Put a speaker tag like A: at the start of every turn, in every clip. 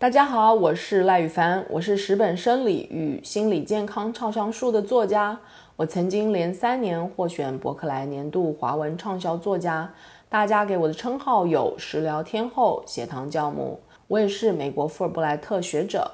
A: 大家好，我是賴宇凡，我是《十本生理與心理健康暢銷書》的作家。我曾經連三年獲選博客來年度華文暢銷作家。大家給我的稱號有“食療天后”“血糖教母”，我也是美國富爾布萊特學者。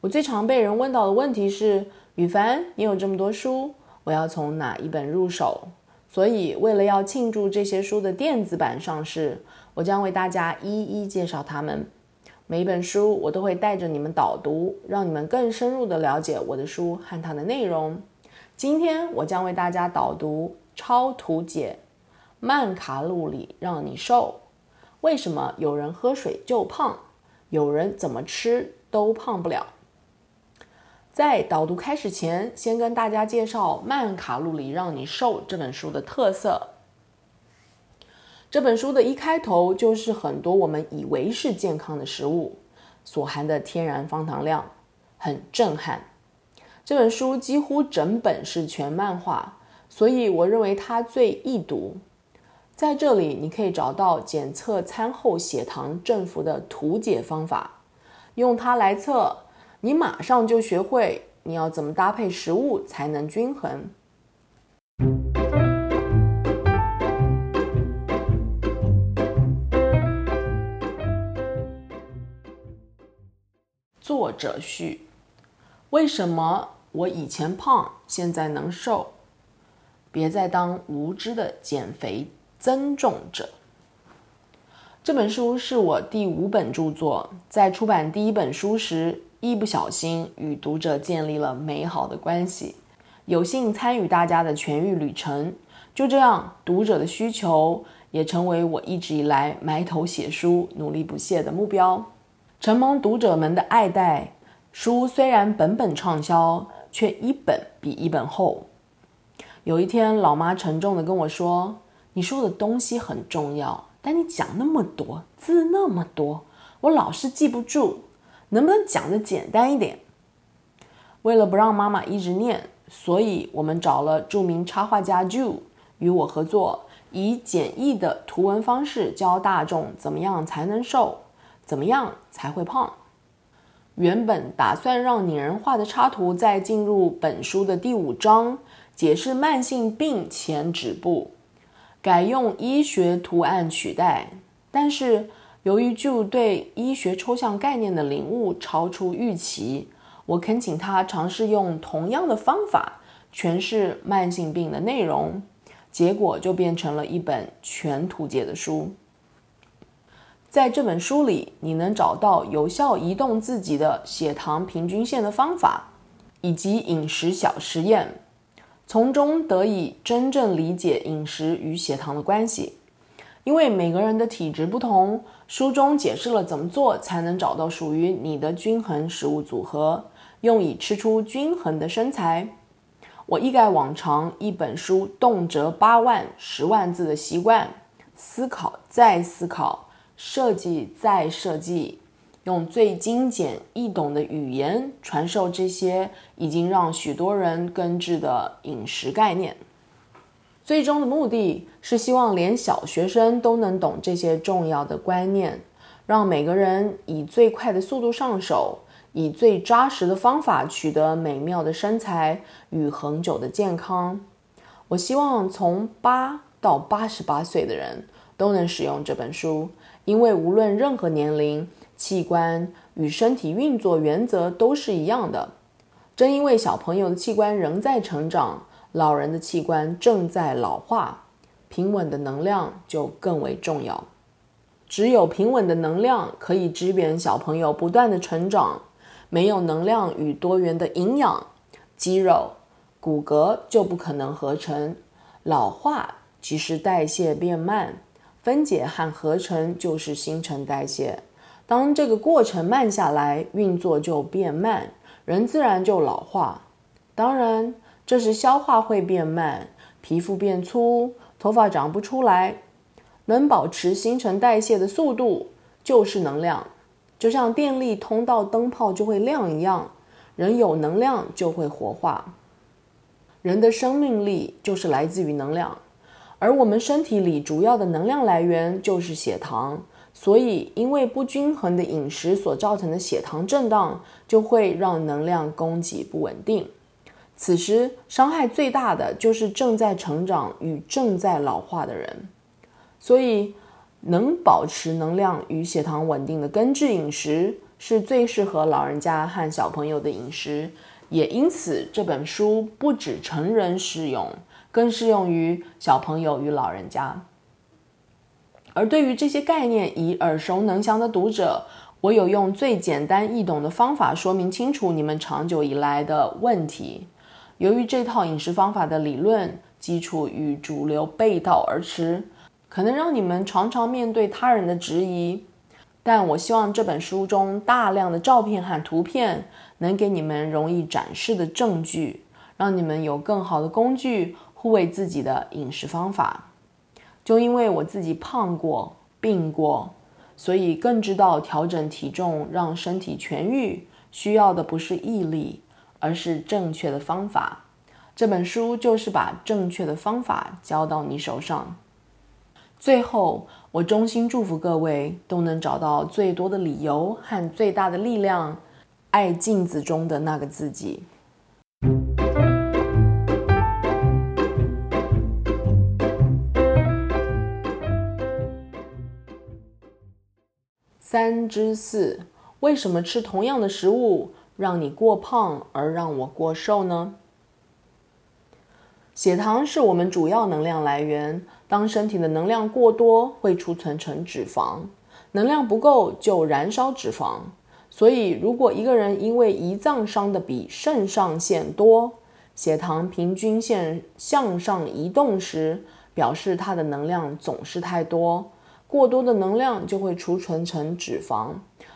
A: 我最常被人問到的問題是：“宇凡，你有這麼多書，我要從哪一本入手？”所以，為了要慶祝這些書的電子版上市，我將為大家一一介紹它們。每一本書，我都會帶着你們導讀，讓你們更深入的了解我的書和它的內容。今天，我將為大家導讀《超圖解慢卡路里讓你瘦》。為什麼有人喝水就胖，有人怎麼吃都胖不了？在導讀開始前，先跟大家介紹《慢卡路里讓你瘦》這本書的特色。這本書的一開頭就是很多我們以為是健康的食物所含的天然方糖量，很震撼。這本書幾乎整本是全漫畫，所以我認為它最易讀。在這裡，你可以找到檢測餐後血糖振幅的圖解方法，用它來測，你馬上就學會你要怎麼搭配食物才能均衡。作者序：為什麼我以前胖，現在能瘦？別再當無知的減肥增重者。這本書是我第五本著作，在出版第一本書時，一不小心與讀者建立了美好的關係，有幸參與大家的痊癒旅程。就這樣，讀者的需求也成為我一直以來埋頭寫書、努力不懈的目標。承蒙讀者們的愛戴，書雖然本本暢銷，卻一本比一本厚。有一天，老媽沉重地跟我說：“你說的東西很重要，但你講那麼多，字那麼多，我老是記不住，能不能講得簡單一點？”為了不讓媽媽一直念，所以我們找了著名插畫家 Ju 與我合作，以簡易的圖文方式教大眾怎麼樣才能瘦。怎麼樣才會胖？原本打算讓擬人化的插圖再進入本書的第五章，解釋慢性病前止步，改用醫學圖案取代。但是由於就對醫學抽象概念的領悟超出預期，我懇請他嘗試用同樣的方法詮釋慢性病的內容，結果就變成了一本全圖解的書。在這本書裡，你能找到有效移動自己的血糖平均線的方法，以及飲食小實驗，從中得以真正理解飲食與血糖的關係。因為每個人的體質不同，書中解釋了怎麼做才能找到屬於你的均衡食物組合，用以吃出均衡的身材。我一改往常一本書動輒八萬、十萬字的習慣，思考再思考。設計再設計，用最精簡易懂的語言傳授這些已經讓許多人根治的飲食概念。最終的目的是希望連小學生都能懂這些重要的觀念，讓每個人以最快的速度上手，以最扎實的方法取得美妙的身材與恆久的健康。我希望從八到八十八歲的人都能使用這本書。因為無論任何年齡，器官與身體運作原則都是一樣的。正因為小朋友的器官仍在成長，老人的器官正在老化，平穩的能量就更為重要。只有平穩的能量可以支援小朋友不斷的成長。沒有能量與多元的營養，肌肉、骨骼就不可能合成。老化即是代謝變慢。分解和合成就是新陳代謝。當這個過程慢下來，運作就變慢，人自然就老化。當然，這時消化會變慢，皮膚變粗，頭髮長不出來。能保持新陳代謝的速度就是能量，就像電力通到燈泡就會亮一樣，人有能量就會活化。人的生命力就是來自於能量。而我們身體裡主要的能量來源就是血糖，所以因為不均衡的飲食所造成的血糖震盪，就會讓能量供給不穩定。此時傷害最大的就是正在成長與正在老化的人，所以能保持能量與血糖穩定的根治飲食，是最適合老人家和小朋友的飲食。也因此，這本書不只成人適用。更適用於小朋友與老人家。而對於這些概念已耳熟能詳的讀者，我有用最簡單易懂的方法說明清楚你們長久以來的問題。由於這套飲食方法的理論基礎與主流背道而馳，可能讓你們常常面對他人的質疑。但我希望這本書中大量的照片和圖片能給你們容易展示的證據，讓你們有更好的工具。護衛自己的飲食方法，就因為我自己胖過、病過，所以更知道調整體重、讓身體痊癒需要的不是毅力，而是正確的方法。這本書就是把正確的方法交到你手上。最後，我衷心祝福各位都能找到最多的理由和最大的力量，愛鏡子中的那個自己。三之四，為什麼吃同樣的食物讓你過胖，而讓我過瘦呢？血糖是我們主要能量來源，當身體的能量過多，會儲存成脂肪；能量不夠就燃燒脂肪。所以，如果一個人因為胰臟傷的比腎上腺多，血糖平均線向上移動時，表示他的能量總是太多。過多的能量就會儲存成脂肪。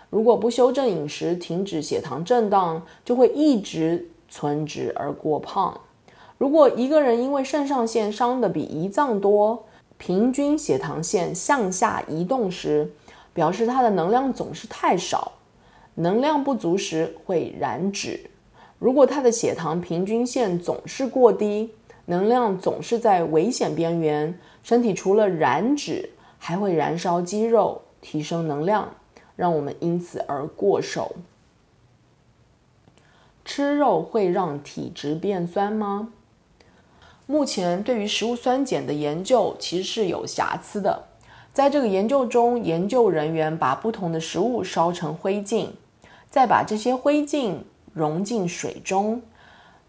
A: 如果不修正飲食，停止血糖震盪，就會一直存脂而過胖。如果一個人因為腎上腺傷得比胰臟多，平均血糖線向下移動時，表示他的能量總是太少。能量不足時會燃脂。如果他的血糖平均線總是過低，能量總是在危險邊緣，身體除了燃脂。還會燃燒肌肉，提升能量，讓我們因此而過瘦。吃肉會讓體質變酸嗎？目前對於食物酸鹼的研究其實是有瑕疵的。在這個研究中，研究人員把不同的食物燒成灰燼，再把這些灰燼溶進水中，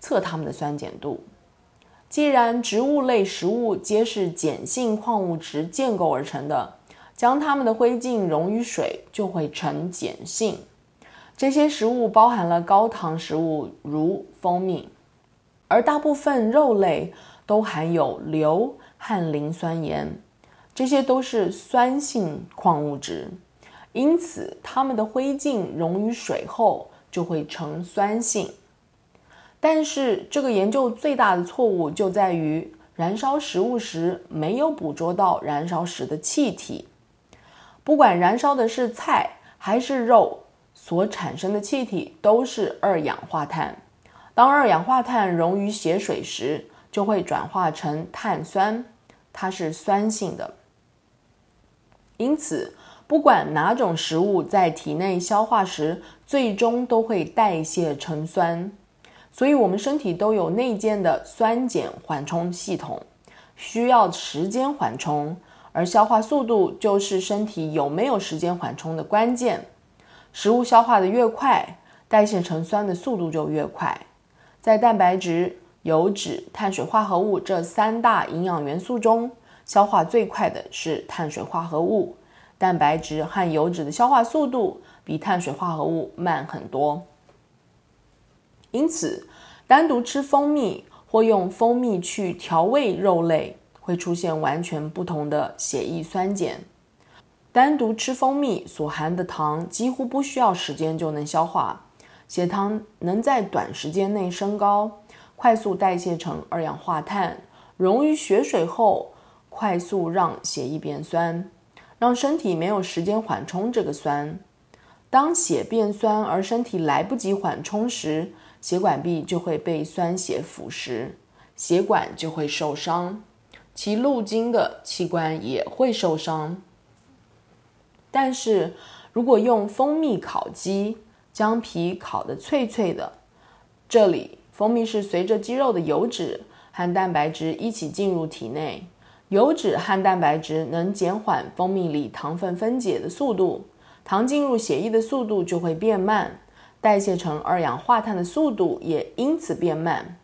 A: 測它們的酸鹼度。既然植物類食物皆是鹼性礦物質建構而成的，將它們的灰燼溶於水就會呈鹼性。這些食物包含了高糖食物，如蜂蜜，而大部分肉類都含有硫和磷酸鹽，這些都是酸性礦物質，因此它們的灰燼溶於水後就會呈酸性。但是，這個研究最大的錯誤就在於燃燒食物時沒有捕捉到燃燒時的氣體。不管燃燒的是菜還是肉，所產生的氣體都是二氧化碳。當二氧化碳溶於血水時，就會轉化成碳酸，它是酸性的。因此，不管哪種食物在體內消化時，最終都會代謝成酸。所以，我們身體都有內建的酸鹼緩衝系統，需要時間緩衝。而消化速度就是身體有沒有時間緩衝的關鍵。食物消化的越快，代謝成酸的速度就越快。在蛋白質、油脂、碳水化合物這三大營養元素中，消化最快的是碳水化合物，蛋白質和油脂的消化速度比碳水化合物慢很多。因此，單獨吃蜂蜜或用蜂蜜去調味肉類，會出現完全不同的血液酸鹼。單獨吃蜂蜜所含的糖幾乎不需要時間就能消化，血糖能在短時間內升高，快速代謝成二氧化碳，溶於血水後，快速讓血液變酸，讓身體沒有時間緩衝這個酸。當血變酸而身體來不及緩衝時，血管壁就會被酸血腐蝕，血管就會受傷，其路徑的器官也會受傷。但是如果用蜂蜜烤雞，將皮烤得脆脆的，這裡蜂蜜是隨着雞肉的油脂和蛋白質一起進入體內，油脂和蛋白質能減緩蜂蜜裡糖分分解的速度，糖進入血液的速度就會變慢。代謝成二氧化碳的速度也因此變慢。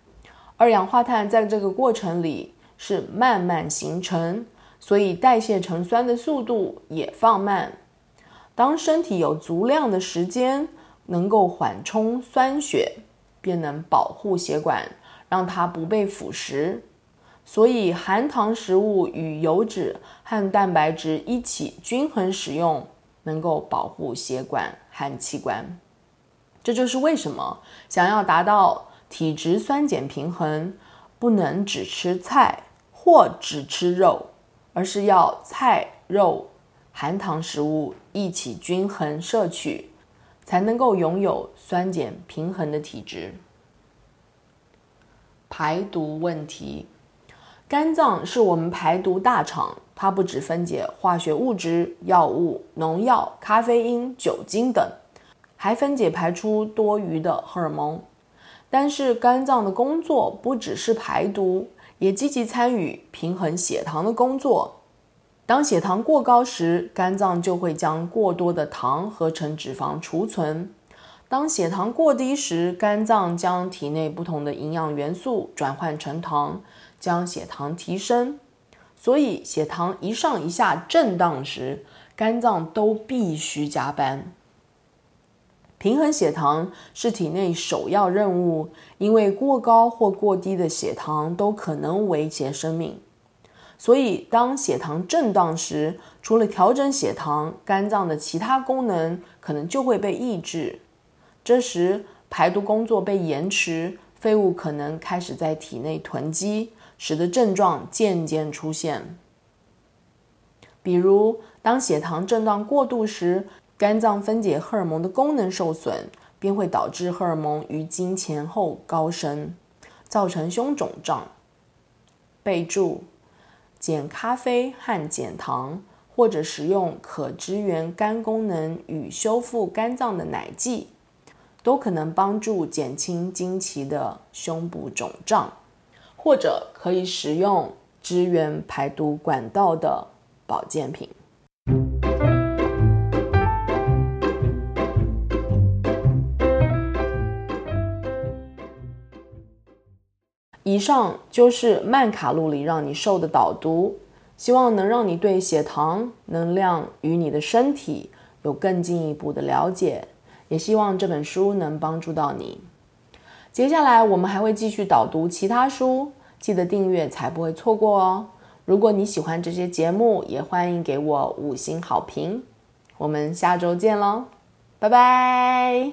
A: 二氧化碳在這個過程裡是慢慢形成，所以代謝成酸的速度也放慢。當身體有足量的時間能夠緩衝酸血，便能保護血管，讓它不被腐蝕。所以，含糖食物與油脂和蛋白質一起均衡使用，能夠保護血管和器官。這就是為什麼想要達到體質酸鹼平衡，不能只吃菜或只吃肉，而是要菜肉含糖食物一起均衡攝取，才能夠擁有酸鹼平衡的體質。排毒問題，肝臟是我們排毒大廠，它不只分解化學物質、藥物、農藥、咖啡因、酒精等。還分解排出多餘的荷爾蒙，但是肝臟的工作不只是排毒，也積極參與平衡血糖的工作。當血糖過高時，肝臟就會將過多的糖合成脂肪儲存；當血糖過低時，肝臟將體內不同的營養元素轉換成糖，將血糖提升。所以，血糖一上一下震盪時，肝臟都必須加班。平衡血糖是體內首要任務，因為過高或過低的血糖都可能威脅生命。所以，當血糖震盪時，除了調整血糖，肝臟的其他功能可能就會被抑制。這時，排毒工作被延遲，廢物可能開始在體內囤積，使得症狀漸漸出現。比如，當血糖震盪過度時，肝臟分解荷爾蒙的功能受損，便會導致荷爾蒙於經前後高升，造成胸腫脹。備註：減咖啡和減糖，或者使用可支援肝功能與修復肝臟的奶薊，都可能幫助減輕經期的胸部腫脹，或者可以使用支援排毒管道的保健品。以上就是《慢卡路里讓你瘦》的導讀，希望能讓你對血糖、能量與你的身體有更進一步的了解，也希望這本書能幫助到你。接下來我們還會繼續導讀其他書，記得訂閱才不會錯過哦。如果你喜歡這些節目，也歡迎給我五星好評。我們下週見嘍，拜拜。